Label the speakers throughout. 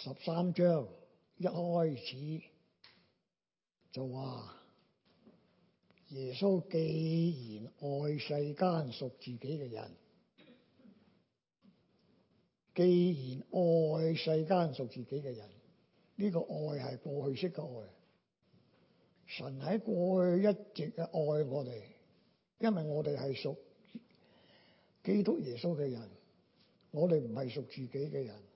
Speaker 1: 十三章一開始就話耶穌既然愛世間屬自己嘅人，既然愛世間屬自己嘅人，呢個愛係過去式嘅愛。神喺過去一直嘅愛我哋，因為我哋係屬基督耶穌嘅人，我哋唔係屬自己嘅人。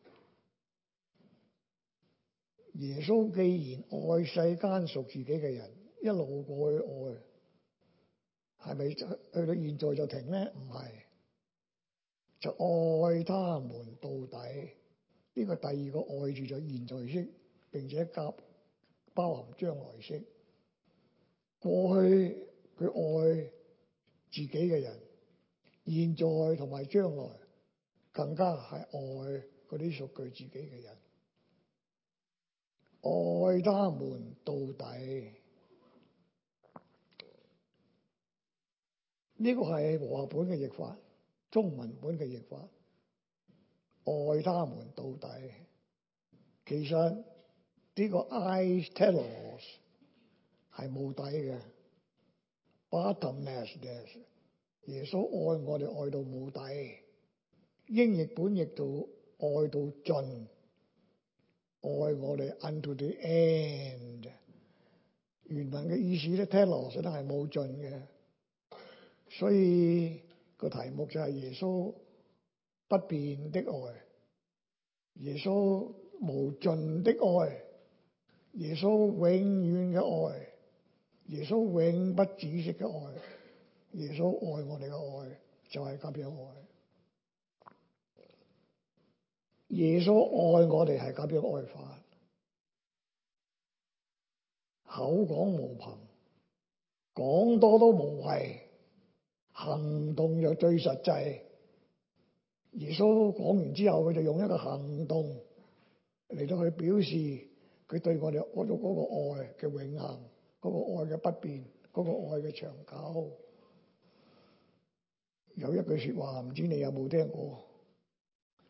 Speaker 1: 耶穌既然愛世間屬自己嘅人，一路過去愛，係咪去到現在就停咧？唔係，就愛他們到底。呢、這個第二個愛住咗現在式，並且夾包含將來式。過去佢愛自己嘅人，現在同埋將來更加係愛啲屬佢自己嘅人。愛他們到底，呢個係和合本嘅譯法，中文本嘅譯法，愛他們到底。其實呢個愛他們係冇底嘅，bottomless 嘅。Bottom ness，耶穌愛我哋愛到冇底，英譯本譯到愛到盡。愛我哋 unto the end，原文嘅意思咧，Telos 都係冇盡嘅，所以、那個題目就係耶穌不變的愛，耶穌無盡的愛，耶穌永遠嘅愛，耶穌永不止息嘅愛，耶穌愛我哋嘅愛就係咁樣愛。就是耶穌愛我哋係咁樣愛法，口講無憑，講多都無謂，行動又最實際。耶穌講完之後，佢就用一個行動嚟到去表示佢對我哋嗰咗個愛嘅永恆，嗰個愛嘅不變，嗰個愛嘅長久。有一句說話，唔知你有冇聽過？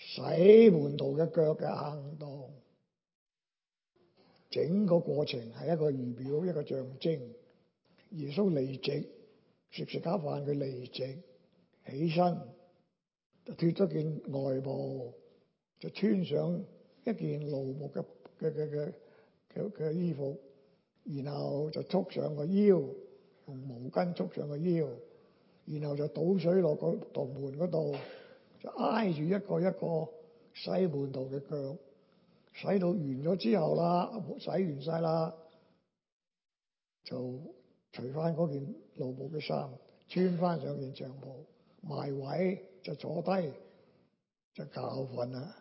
Speaker 1: 洗門徒嘅腳嘅行動，整個過程係一個預表，一個象徵。耶穌離席食食下飯，佢離席起身，就脱咗件外袍，就穿上一件勞木嘅嘅嘅嘅嘅嘅衣服，然後就束上個腰，用毛巾束上個腰，然後就倒水落嗰道門嗰度。就挨住一個一個洗門徒嘅腳，洗到完咗之後啦，洗完晒啦，就除翻嗰件露布嘅衫，穿翻上件帳布，埋位就坐低，就教訓啦，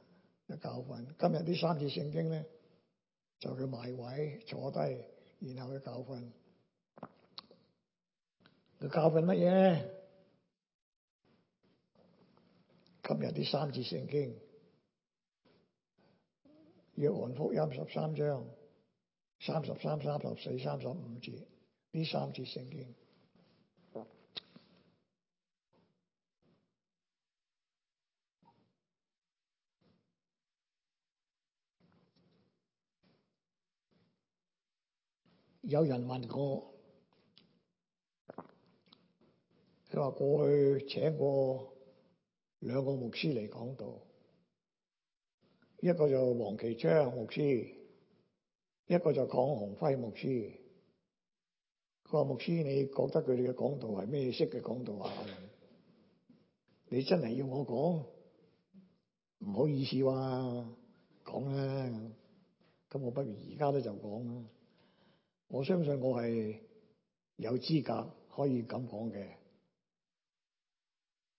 Speaker 1: 就教訓。今日啲三次聖經咧，就佢埋位坐低，然後去教訓。佢教訓乜嘢？今日呢三節聖經，約翰福音十三章三十三、三十四、三十五節，呢三節聖經，有人問過，佢話過去請過。兩個牧師嚟講道，一個就黃其章牧師，一個就鄺鴻輝牧師。佢話，牧師，你覺得佢哋嘅講道係咩式嘅講道啊？你真係要我講，唔好意思哇、啊，講啦。咁我不如而家咧就講啦。我相信我係有資格可以咁講嘅。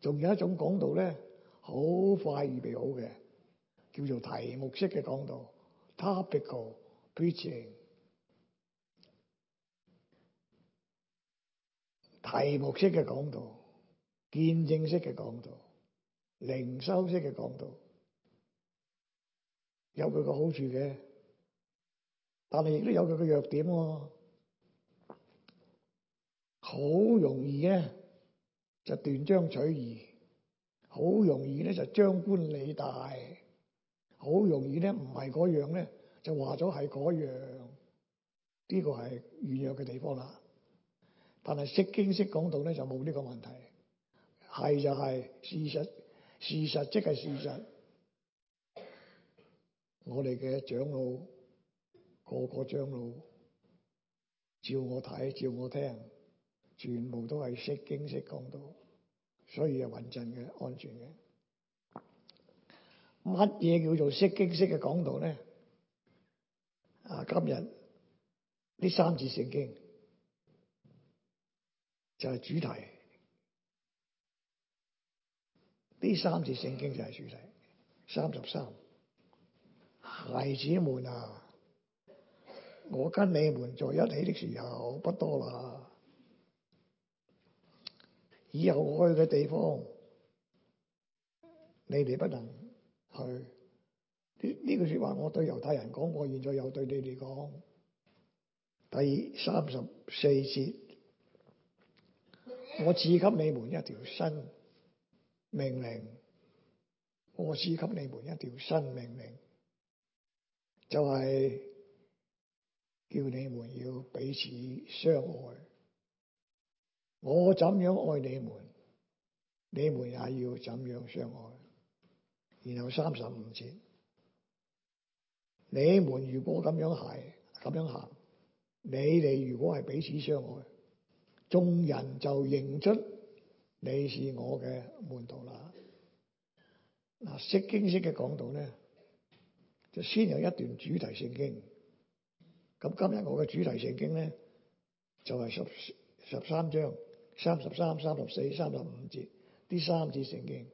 Speaker 1: 仲有一種講道咧，好快預備好嘅，叫做題目式嘅講道 （topical preaching）。題目式嘅講道、見證式嘅講道、靈修式嘅講道，有佢嘅好處嘅，但係亦都有佢嘅弱點喎，好容易嘅。就斷章取義，好容易咧就張冠李戴，好容易咧唔係嗰樣咧就話咗係嗰樣，呢、這個係軟弱嘅地方啦。但係識經識講道咧就冇呢個問題，係就係、是、事實，事實即係事實。我哋嘅長老，個個長老照我睇照我聽，全部都係識經識講道。所以又穩陣嘅，安全嘅。乜嘢叫做釋經式嘅講道咧？啊，今日呢三節聖經就係主題。呢三節聖經就係主題。三十三，孩子們啊，我跟你們在一起的時候不多啦。以後我去嘅地方，你哋不能去。呢，呢句說話，我對猶太人講，我現在又對你哋講。第三十四節，我賜給你們一條新命令，我賜給你們一條新命令，就係、是、叫你們要彼此相愛。我怎樣愛你們，你們也要怎樣相愛。然後三十五節，你們如果咁樣行，咁樣行，你哋如果係彼此相愛，眾人就認出你是我嘅門徒啦。嗱，釋經式嘅講道咧，就先有一段主題聖經。咁今日我嘅主題聖經咧，就係十十三章。三十三、三十四、三十五節呢三節聖經，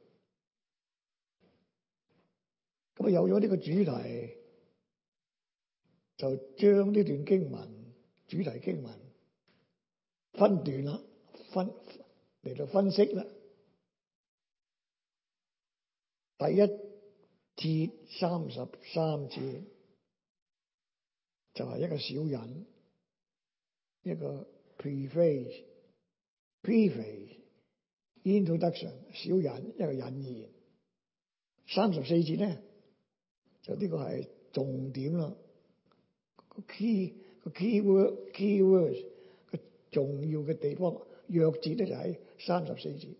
Speaker 1: 咁啊有咗呢個主題，就將呢段經文主題經文分段啦，分嚟到分析啦。第一至三十三節就係一個小人，一個 preface。啓始 introduction 小引一個引言，三十四節咧就呢個係重點啦。個 key 個 key word key words 個重要嘅地方，弱節咧就喺三十四節，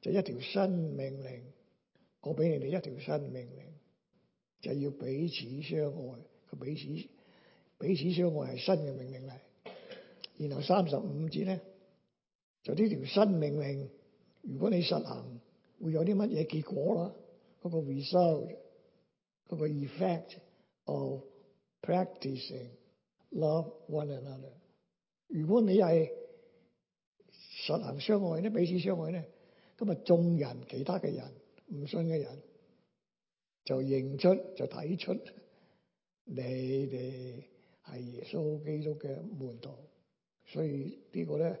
Speaker 1: 就一條新命令，我俾你哋一條新命令，就要彼此相愛，佢彼此彼此相愛係新嘅命令嚟。然後三十五節咧。就呢條新命令，如果你實行，會有啲乜嘢結果啦？嗰個 result，嗰個 effect of practicing love one another。如果你係實行相愛咧，彼此相愛咧，咁啊，眾人其他嘅人唔信嘅人就認出就睇出你哋係耶穌基督嘅門徒，所以呢個咧。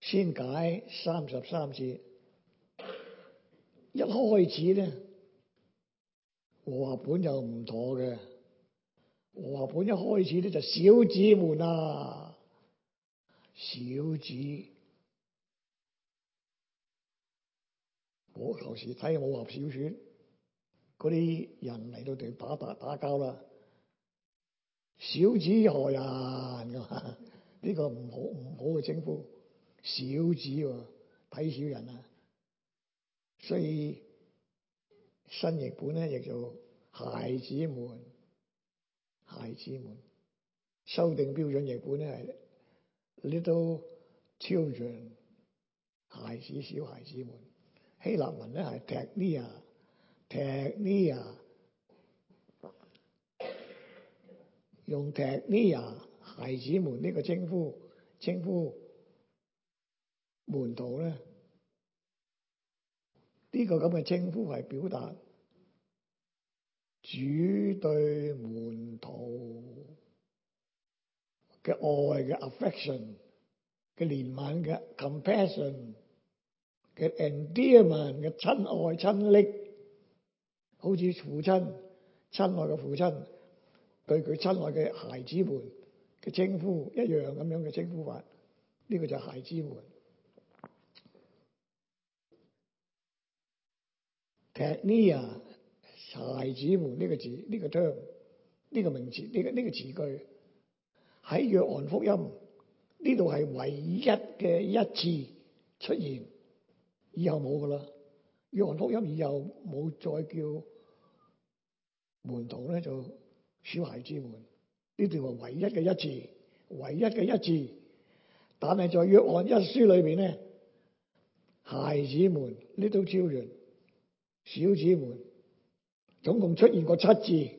Speaker 1: 先解三十三字，一開始咧，和合本就唔妥嘅，和合本一開始咧就小子們啊，小子，我頭時睇《武俠小說》，嗰啲人嚟到度打打打交啦，小子何人噶？呢 個唔好唔好嘅稱呼。小子睇、啊、小人啊，所以新譯本咧亦做「孩子們，孩子們，修訂標準譯本咧係 little children，孩子小孩子們，希臘文咧係 teknia，teknia，用 teknia 孩子們呢個稱呼稱呼，稱呼門徒咧，呢個咁嘅稱呼係表達主對門徒嘅愛嘅 affection，嘅憐憫嘅 compassion，嘅 endearment 嘅親愛親昵，好似父親親愛嘅父親對佢親愛嘅孩子們嘅稱呼一樣咁樣嘅稱呼法，呢個就係孩子們。n e a 啊，孩子們呢，這個字呢，這個 term 呢個名詞呢，這個呢，這個詞句喺約翰福音呢度係唯一嘅一次出現，以後冇噶啦。約翰福音以後冇再叫門徒咧就小孩子們，呢度係唯一嘅一次，唯一嘅一次，但係在約翰一書裏邊咧，孩子們呢度超完。小子們，總共出現過七次，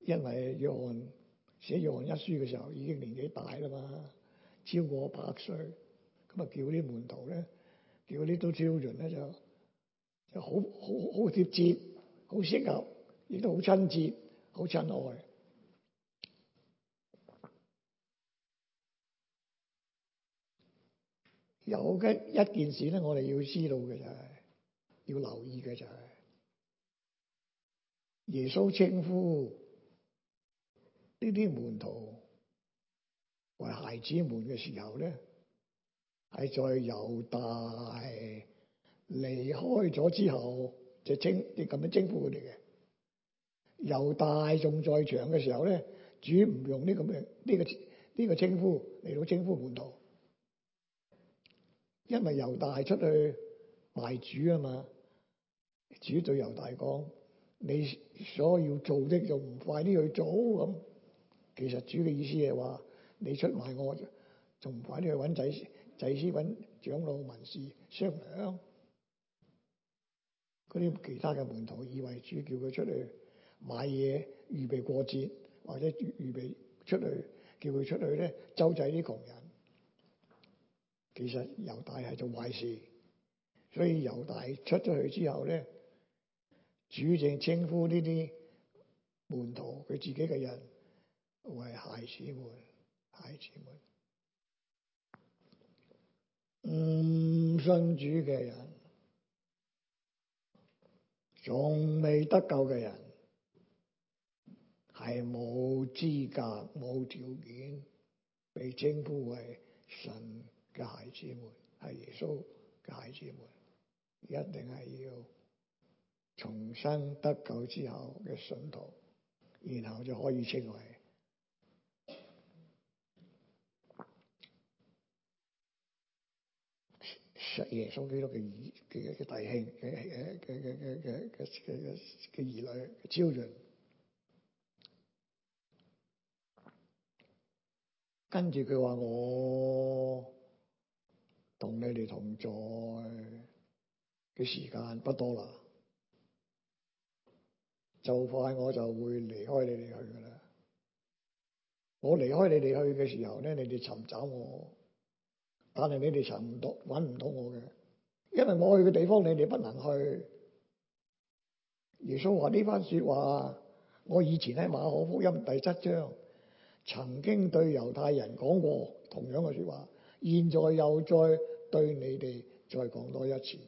Speaker 1: 因為約翰寫約翰一書嘅時候已經年紀大啦嘛，超過百歲，咁啊叫啲門徒咧，叫呢都 little children 咧就就好好好貼切，好適合，亦都好親切，好親愛。有嘅一件事咧，我哋要知道嘅就係、是。要留意嘅就係耶穌稱呼呢啲門徒為孩子們嘅時候咧，係在猶大離開咗之後就稱，啲咁樣稱呼佢哋嘅。猶大仲在場嘅時候咧，主唔用呢個咩呢個呢個稱呼嚟到稱呼門徒，因為猶大出去賣主啊嘛。主對猶大講：你所要做的就唔快啲去做。噉其實主嘅意思係話你出賣我，仲唔快啲去揾祭祭司、揾長老、文士商量？嗰啲其他嘅門徒以為主叫佢出去買嘢預備過節，或者預備出去叫佢出去咧周濟啲窮人。其實猶大係做壞事，所以猶大出咗去之後咧。主正稱呼呢啲門徒佢自己嘅人為孩子們，孩子們唔、嗯、信主嘅人，仲未得救嘅人，係冇資格、冇條件被稱呼為神嘅孩子們，係耶穌嘅孩子們，一定係要。重生得救之後嘅信徒，然後就可以稱為耶穌基督嘅兒嘅嘅弟兄嘅嘅嘅嘅嘅嘅嘅嘅嘅嘅嘅嘅兒女 children。跟住佢話：我同你哋同在嘅時間不多啦。就快我就會離開你哋去噶啦，我離開你哋去嘅時候咧，你哋尋找我，但係你哋尋唔到，搵唔到我嘅，因為我去嘅地方你哋不能去。耶穌話呢番說話，我以前喺馬可福音第七章曾經對猶太人講過同樣嘅說話，現在又再對你哋再講多一次。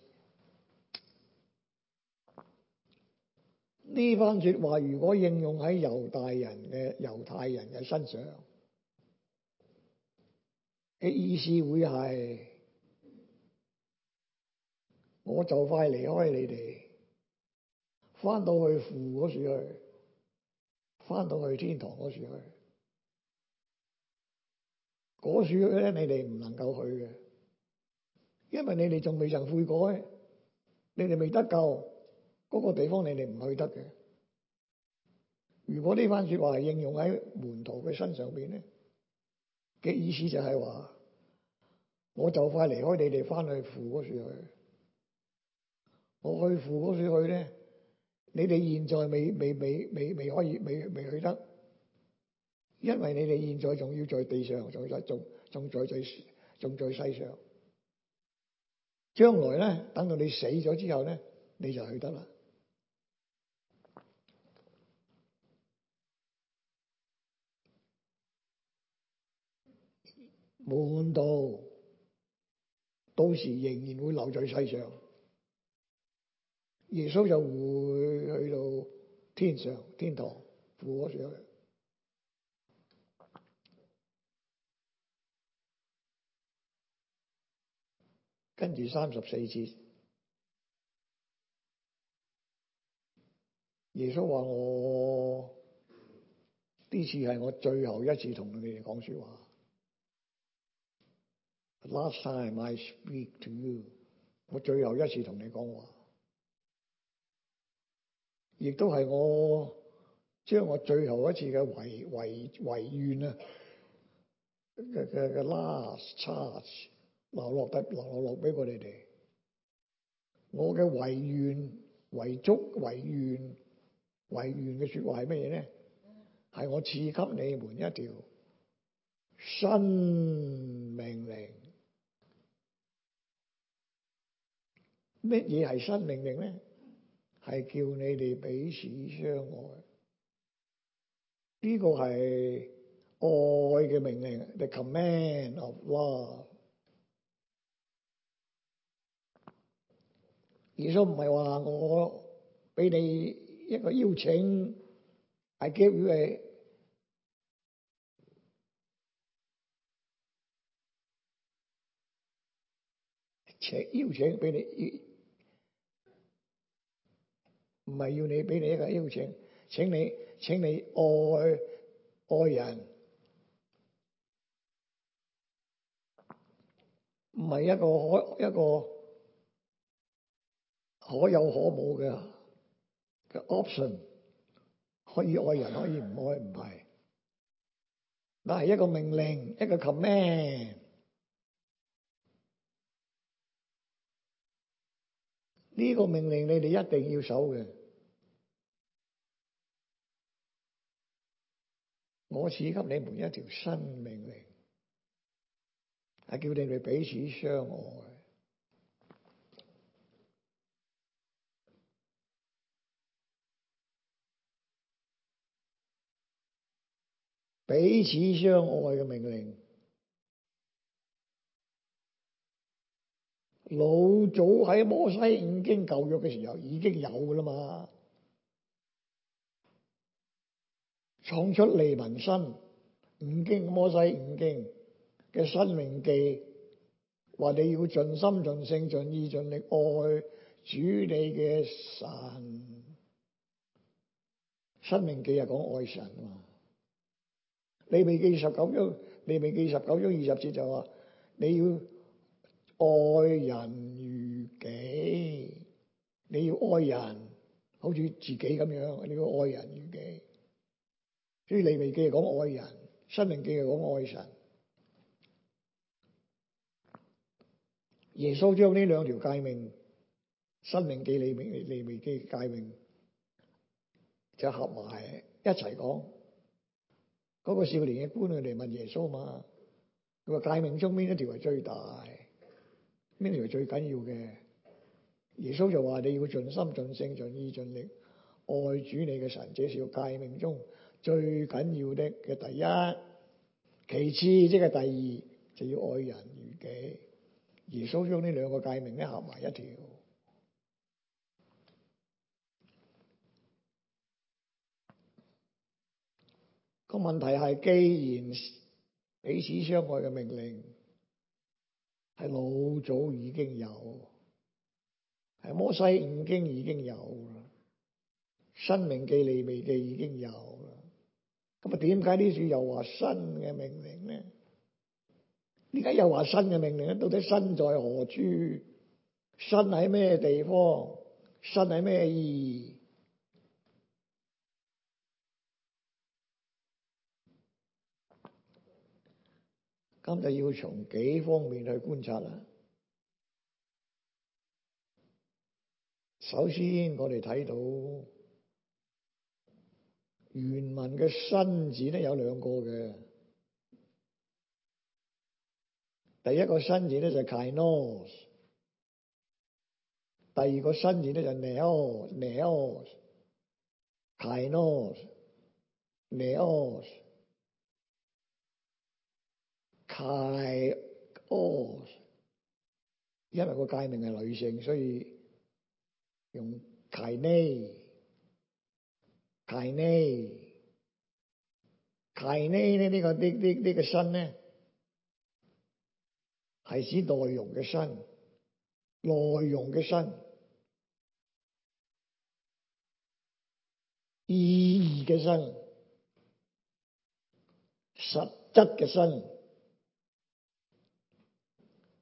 Speaker 1: 呢番說話如果應用喺猶大人嘅猶太人嘅身上嘅意思會係，我就快離開你哋，翻到去父嗰去，翻到去天堂處去。嗰樹咧，你哋唔能夠去嘅，因為你哋仲未曾悔改，你哋未得救。嗰個地方你哋唔去得嘅。如果呢番説話係應用喺門徒嘅身上邊咧，嘅意思就係話，我就快離開你哋，翻去父嗰處去。我去父嗰處去咧，你哋現在未未未未未可以未未，未去得，因為你哋現在仲要在地上，仲在仲仲在在仲在世上。將來咧，等到你死咗之後咧，你就去得啦。冇看到，到時仍然會留在世上。耶穌就會去到天上，天堂復活上去。跟住三十四節，耶穌話：我呢次係我最後一次同你哋講說話。Last time I speak to you，我最後一次同你講話，亦都係我將我最後一次嘅遺遺遺願啊嘅嘅嘅 last charge 留落得留落落俾你哋哋。我嘅遺願、遺囑、遺願、遺願嘅說話係乜嘢咧？係我賜給你們一條新命令。乜嘢係新命令咧？係叫你哋彼此相愛，呢個係愛嘅命令，the command of love。耶穌唔係話我俾你一個邀請，I give you a，邀請俾你。唔係要你俾你一個邀請，請你，請你愛愛人，唔係一個可一個可有可無嘅 option，可以愛人可以唔愛唔係，但係一個命令，一個 command，呢個命令你哋一定要守嘅。我賜給你們一條新命令，係叫你哋彼此相愛，彼此相愛嘅命令，老早喺摩西五經舊約嘅時候已經有㗎喇嘛。創出利民申，五經摩西五經嘅申命記，話你要盡心盡性盡意盡力愛主你嘅神。申命記又講愛神嘛？利未記十九章，利未記十九章二十節就話你要愛人如己，你要愛人好似自己咁樣，你要愛人如己。所以利未記係講愛人，申命記係講愛神。耶穌將呢兩條誡命，申命記、利命、利未記嘅誡命就合埋一齊講。嗰、嗰個少年嘅官嚟問耶穌嘛？佢話誡命中邊一條係最大？邊條係最緊要嘅？耶穌就話你要盡心、盡性、盡意、盡力愛主你嘅神，者，是要誡命中。最緊要的嘅第一，其次即係第二，就要愛人如己。耶穌將呢兩個誡命咧，合埋一條。個問題係，既然彼此相愛嘅命令係老早已經有，係摩西五經已經有啦，申命記、利未記已經有。咁啊？點解呢次又話新嘅命令呢？點解又話新嘅命令咧？到底新在何處？新喺咩地方？新喺咩意義？咁就要從幾方面去觀察啦、啊。首先，我哋睇到。原文嘅新字咧有兩個嘅第一個新字咧就係 Kainos 第二個新字咧就係 Neos Neos Kainos Neos Kainos 因為個界名係女性所以用 kaine 契呢？契呢、這個？呢、這、呢個呢呢呢個新呢，係指內容嘅新，內容嘅新，意義嘅新，實質嘅新，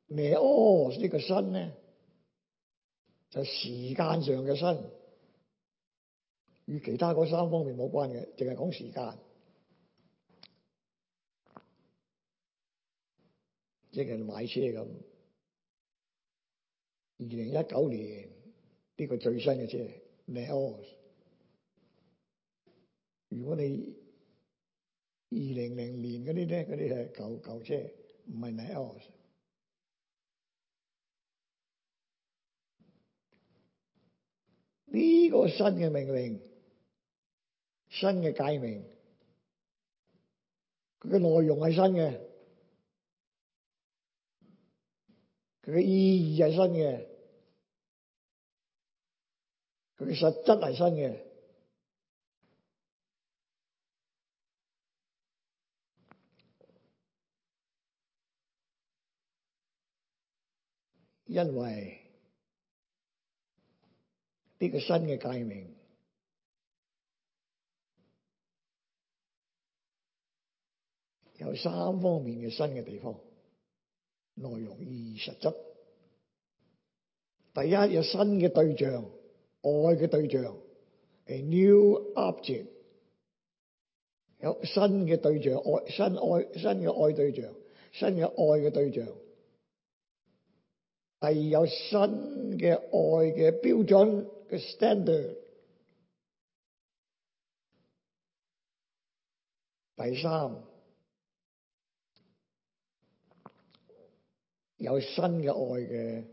Speaker 1: 咩哦呢個新呢，就是、時間上嘅新。與其他嗰三方面冇關嘅，淨係講時間，即係買車咁。二零一九年呢、這個最新嘅車，neos。neos，如果你二零零年嗰啲咧，嗰啲係舊舊車，唔係 neos。呢個新嘅命令。新嘅誡命，佢嘅內容係新嘅，佢嘅意義係新嘅，佢嘅實質係新嘅，因為呢個新嘅誡命。有三方面嘅新嘅地方，內容、意義、實質。第一，有新嘅對象，愛嘅對象，a new object。有新嘅對象，愛新愛新嘅愛對象，新嘅愛嘅對象。第二，有新嘅愛嘅標準嘅 standard。第三。有新嘅愛嘅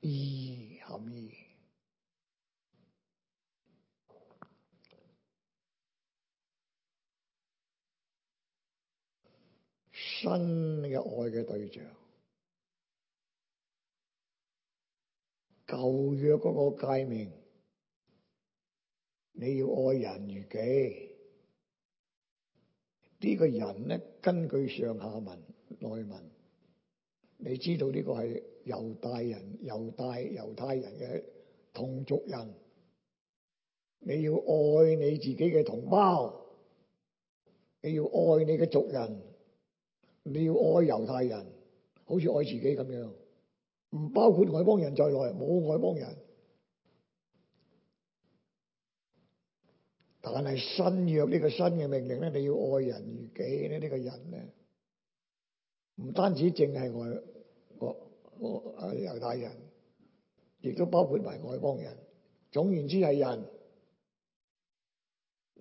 Speaker 1: 意涵，新嘅愛嘅對象，舊約嗰個誡命，你要愛人如己。呢個人咧，根據上下文內文，你知道呢個係猶大人、猶大、猶太人嘅同族人。你要愛你自己嘅同胞，你要愛你嘅族人，你要愛猶太人，好似愛自己咁樣，唔包括外邦人在內，冇外邦人。但係新約呢個新嘅命令咧，你要愛人如己咧。呢個人咧，唔單止淨係外國、外猶太人，亦都包括埋外邦人。總言之係人，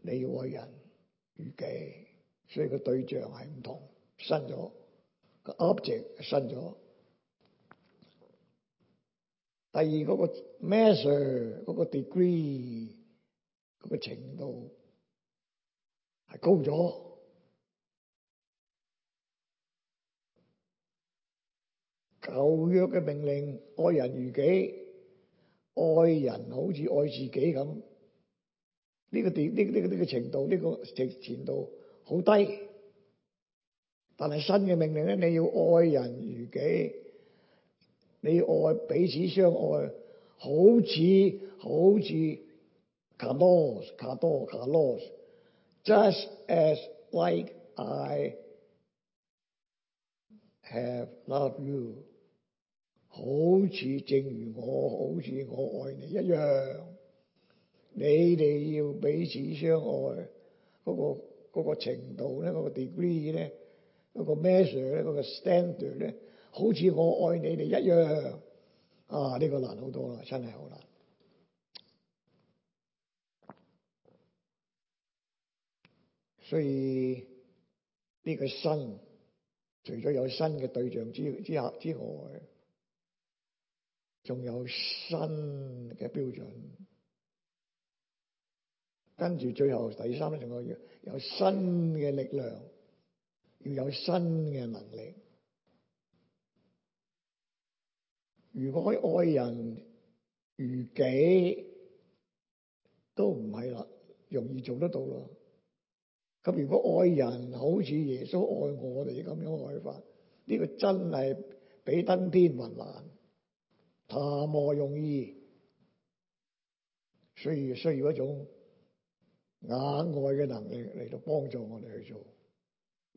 Speaker 1: 你要愛人如己，所以個對象係唔同，新咗個 object 新咗。第二嗰、嗰個 measure 嗰個 degree。個程度係高咗，舊約嘅命令愛人如己，愛人好似愛自己咁，呢個呢？呢個呢個程度呢個前前度好低，但係新嘅命令咧，你要愛人如己，你要愛彼此相愛，好似好似。好似卡多卡多卡多，just as like I have love you，好似正如我好似我愛你一樣，你哋要彼此相愛，嗰個，嗰個程度咧，嗰個 degree 咧，個 measure 咧，個 standard 咧好似我愛你哋一樣啊，呢個難好多喇，真係好難。所以呢、這個新，除咗有新嘅對象之之下之外，仲有新嘅標準。跟住最後第三咧，仲有有新嘅力量，要有新嘅能力。如果可以愛人如己，都唔係啦，容易做得到啦。咁如果愛人好似耶穌愛我哋咁樣愛法，呢、這個真係比登天還難，談何容易？所以需要一種額外嘅能力嚟到幫助我哋去做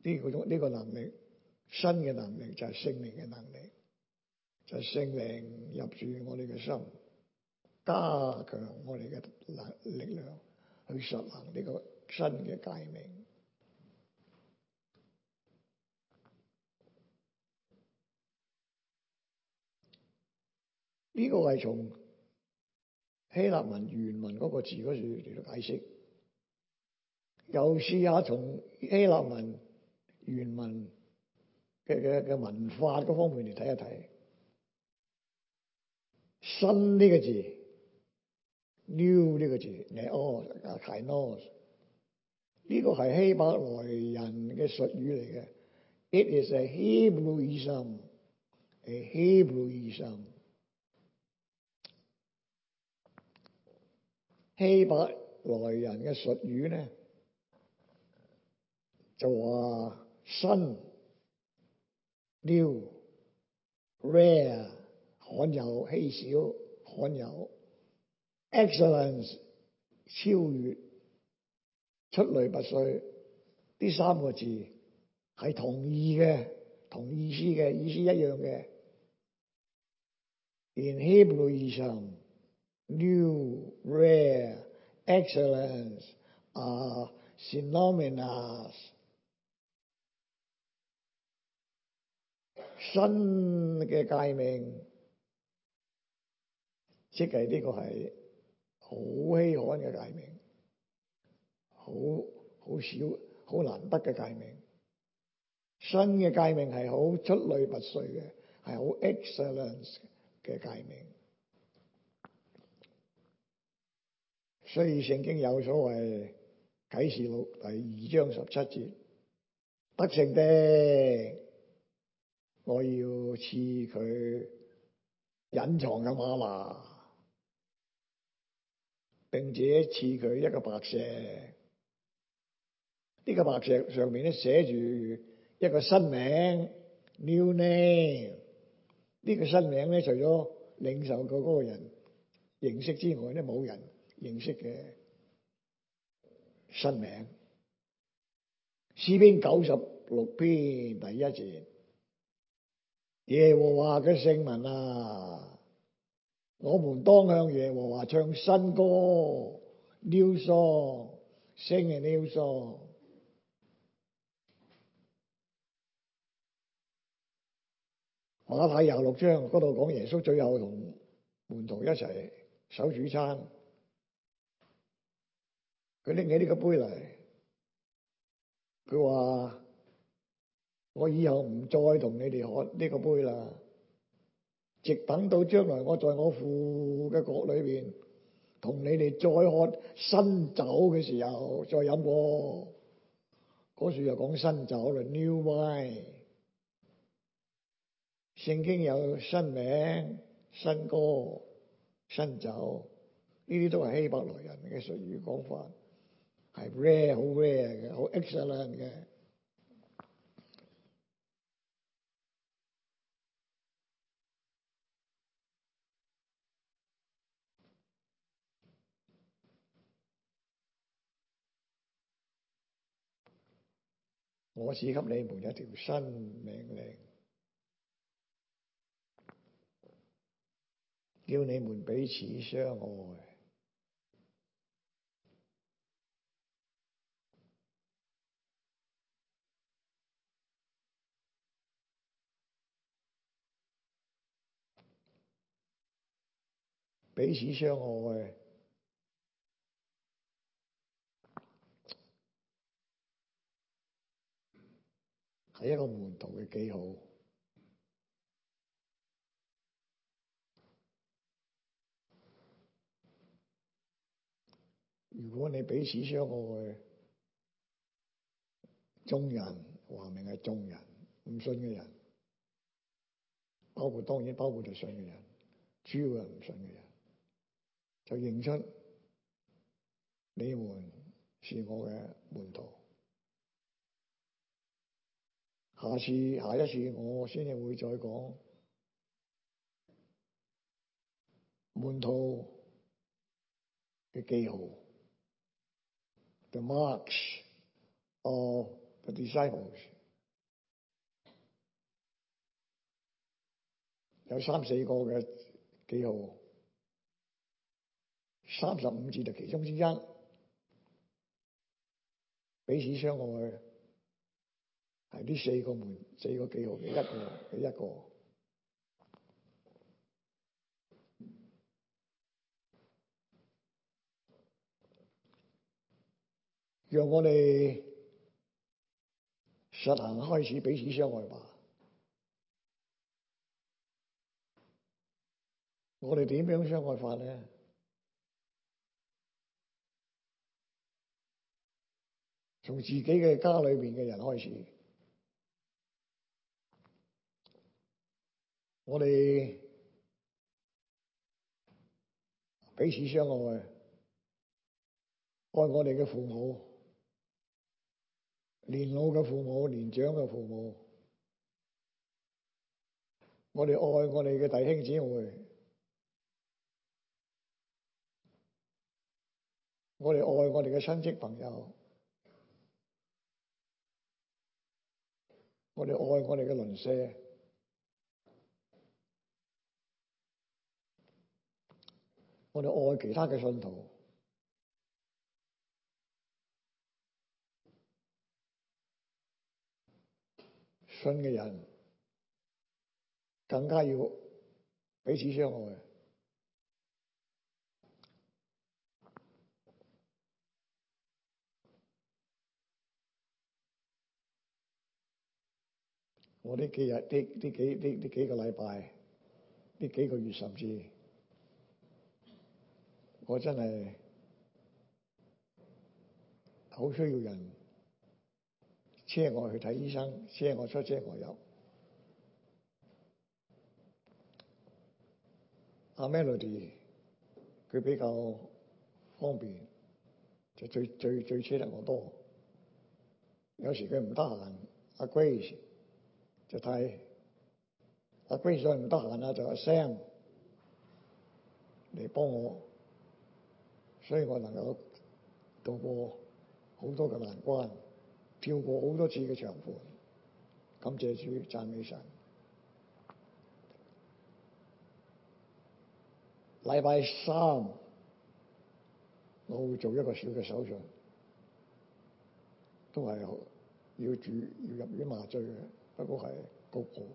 Speaker 1: 呢個種呢個能力，新嘅能力就係聖靈嘅能力，就係、是、聖靈入住我哋嘅心，加強我哋嘅力力量，去實行呢個新嘅誡命。呢個係從希臘文原文嗰個字嗰處嚟解釋，又試下從希臘文原文嘅嘅嘅文化嗰方面嚟睇一睇，新呢個字，new 呢個字，哦 k i n d 呢個係希伯來人嘅術語嚟嘅，it is a Hebrew ism, a Hebrewism，係希伯來字。希伯、hey，來人嘅術語咧，就話新、new、rare 罕有、稀少、罕有、excellence 超越、出類拔萃，呢三個字係同意嘅、同意思嘅、意思一樣嘅，In Hebrew 以上。New、Rare、Excellence are synonymous. 新嘅誡命，即係呢個係好稀罕嘅誡命，好好少、好難得嘅誡命。新嘅誡命係好出類拔萃嘅，係好 excellent 嘅誡命。所以聖經有所謂，啟示錄第二章十七節，得勝的，我要賜佢隱藏嘅嗎哪，並且賜佢一個白石呢、呢個白石上面咧寫住一個新名，New Name。呢個新名咧，除咗領受嘅嗰個人認識之外咧，冇人。認識嘅新名，詩篇九十六篇第一節，耶和華嘅聖文啊，我們當向耶和華唱新歌，new song，sing a new song，馬太廿六章嗰度講耶穌最後同門徒一齊守主餐。佢拎起呢個杯嚟，佢話：我以後唔再同你哋喝呢個杯啦，直等到將來我在我父嘅國裏邊，同你哋再喝新酒嘅時候再，再飲過。嗰時又講新酒啦，New Wine。聖經有新名、新歌、新酒，呢啲都係希伯來人嘅術語講法。係好 rare，好 rare，好 excellent 嘅。我只給你們一條新命令，叫你們彼此相愛。彼此相愛係一個門徒嘅記號。如果你彼此相愛，眾人話明係眾人唔信嘅人，包括當然包括就信嘅人，主要係唔信嘅人。就認出你們是我嘅門徒。下次，下一次我先至會再講門徒嘅記號，就 the marks of the disciples，有三四個嘅記號。三十五字就其中之一，彼此相愛，係呢四個門，四個記號嘅一個嘅一個，讓我哋實行開始彼此相愛吧。我哋點樣相愛法呢？從自己嘅家裏面嘅人開始，我哋彼此相愛，愛我哋嘅父母，年老嘅父母，年長嘅父母，我哋愛我哋嘅弟兄姊妹，我哋愛我哋嘅親戚朋友。我哋愛我哋嘅鄰舍，我哋愛其他嘅信徒，信嘅人更加要彼此相愛。我呢幾日呢，呢幾，呢呢幾個禮拜呢幾個月，甚至我真係好需要人車我去睇醫生，車我出車我入。阿 Melody 佢比較方便，就最最最車得我多。有時佢唔得閒，阿 Grace。就睇阿 Grace 唔得閒啊，就阿 Sam 嚟幫我，所以我能夠度過好多嘅難關，跳過好多次嘅長盤。感謝主，讚美神。禮拜三我會做一個小嘅手術，都係要住要入院麻醉嘅。嗰個係個個，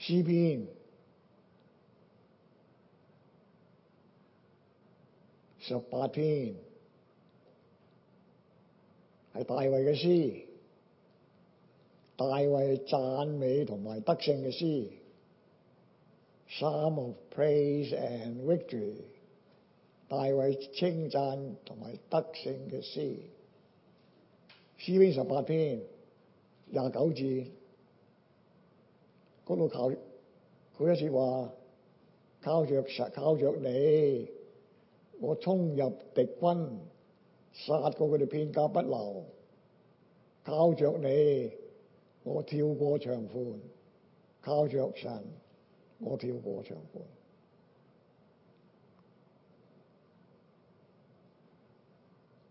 Speaker 1: 詩篇十八篇係大衛嘅詩，大衛讚美同埋得勝嘅詩。Psalm of praise and victory. 大衛稱讚同埋得勝嘅詩，詩篇十八篇廿九字，嗰度靠佢一次話靠着神，靠着你，我衝入敵軍，殺過佢哋片甲不留。靠着你，我跳過長盤，靠着神，我跳過長盤。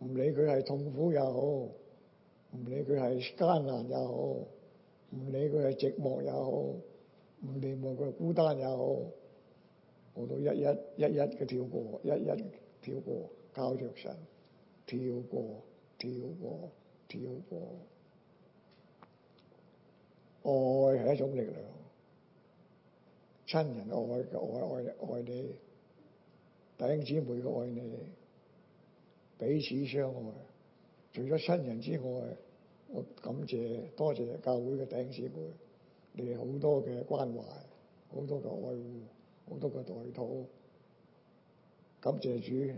Speaker 1: 唔理佢係痛苦也好，唔理佢係艱難也好，唔理佢係寂寞也好，唔理佢係孤單也好，我都一一一一嘅跳過，一一跳過，靠着神，跳過，跳過，跳過，愛係一種力量，親人愛，愛愛愛你，弟兄姊妹愛你。彼此相愛，除咗親人之外，我感謝多謝教會嘅弟兄姊妹，你哋好多嘅關懷，好多嘅愛護，好多嘅代禱，感謝主。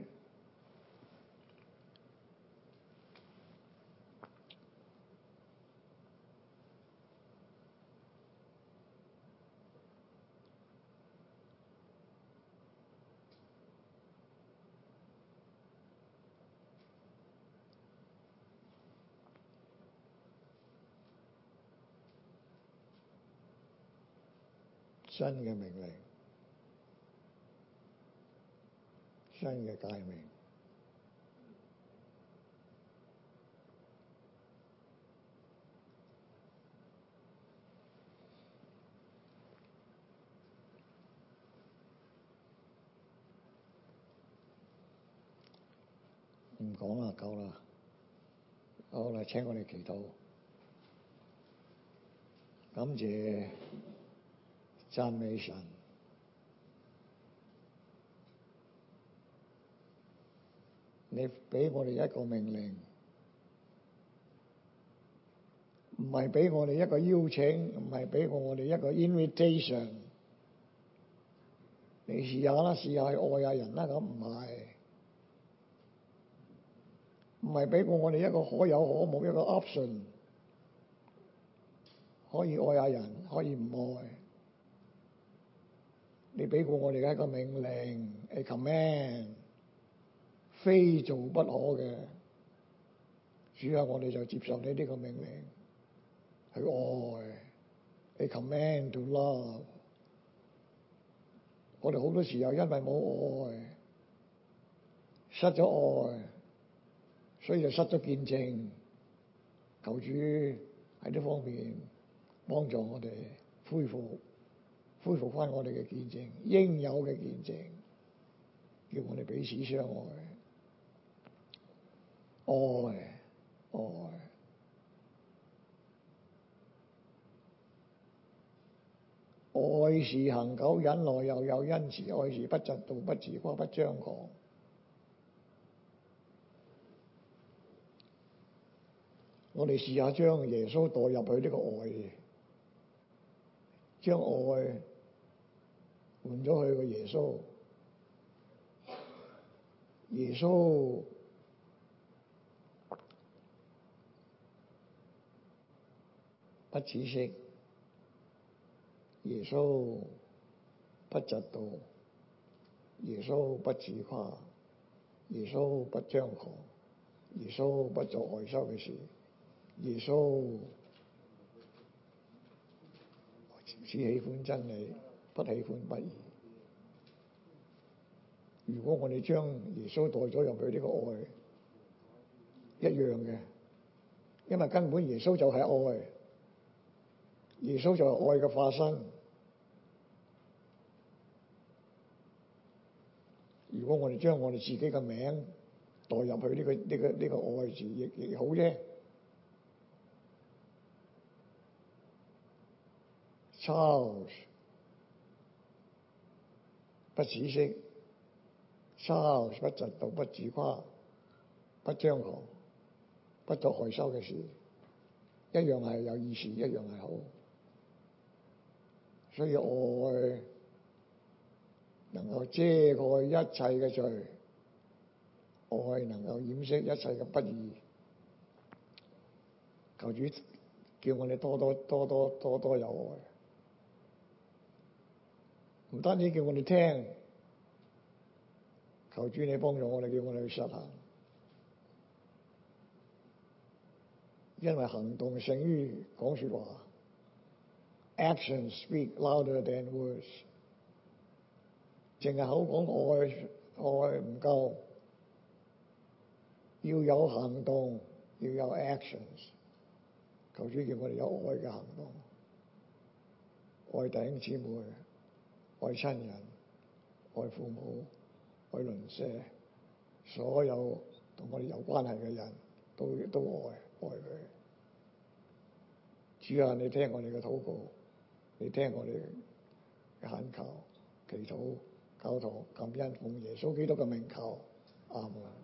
Speaker 1: 新嘅命令，新嘅誡命，唔講啦，夠啦，好啦，請我哋祈禱，感謝。讚美神，你俾我哋一個命令，唔係俾我哋一個邀請，唔係俾過我哋一個 invitation。你試下啦，試下去愛下人啦，咁唔係，唔係俾過我哋一個可有可冇，一個 option，可以愛下人，可以唔愛。你俾過我哋一個命令，a command，非做不可嘅，主要我哋就接受你呢個命令，去愛，a command to love。我哋好多時候因為冇愛，失咗愛，所以就失咗見證。求主喺呢方面幫助我哋恢復。恢復翻我哋嘅見證，應有嘅見證，叫我哋彼此相愛，愛，愛，愛是恆久忍耐，又有恩慈；愛是不嫉妒，不自誇，不張狂。我哋試下將耶穌代入去呢個愛，將愛。換咗佢個耶穌，耶穌不止息，耶穌不嫉妒，耶穌不自誇，耶穌不張狂，耶穌不做害羞嘅事，耶穌只喜歡真理。不喜歡不義。如果我哋將耶穌代咗入去呢個愛，一樣嘅，因為根本耶穌就係愛，耶穌就係愛嘅化身。如果我哋將我哋自己嘅名代入去呢個呢個呢個愛字，亦亦好啫 Charles 不自惜，修不嫉妒，不自誇，不張狂，不做害羞嘅事，一樣係有意思，一樣係好。所以愛能夠遮蓋一切嘅罪，愛能夠掩飾一切嘅不義。求主叫我哋多多、多多、多多有愛。唔單止叫我哋聽，求主你幫助我哋，叫我哋去實行，因為行動勝於講說話。Actions speak louder than words。淨係口講愛愛唔夠，要有行動，要有 actions。求主叫我哋有愛嘅行動，愛弟兄姊妹。愛親人，愛父母，愛鄰舍，所有同我哋有關係嘅人都都愛愛佢。主啊，你聽我哋嘅禱告，你聽我哋嘅懇求、祈禱、教堂感恩奉耶穌基督嘅名求，阿門。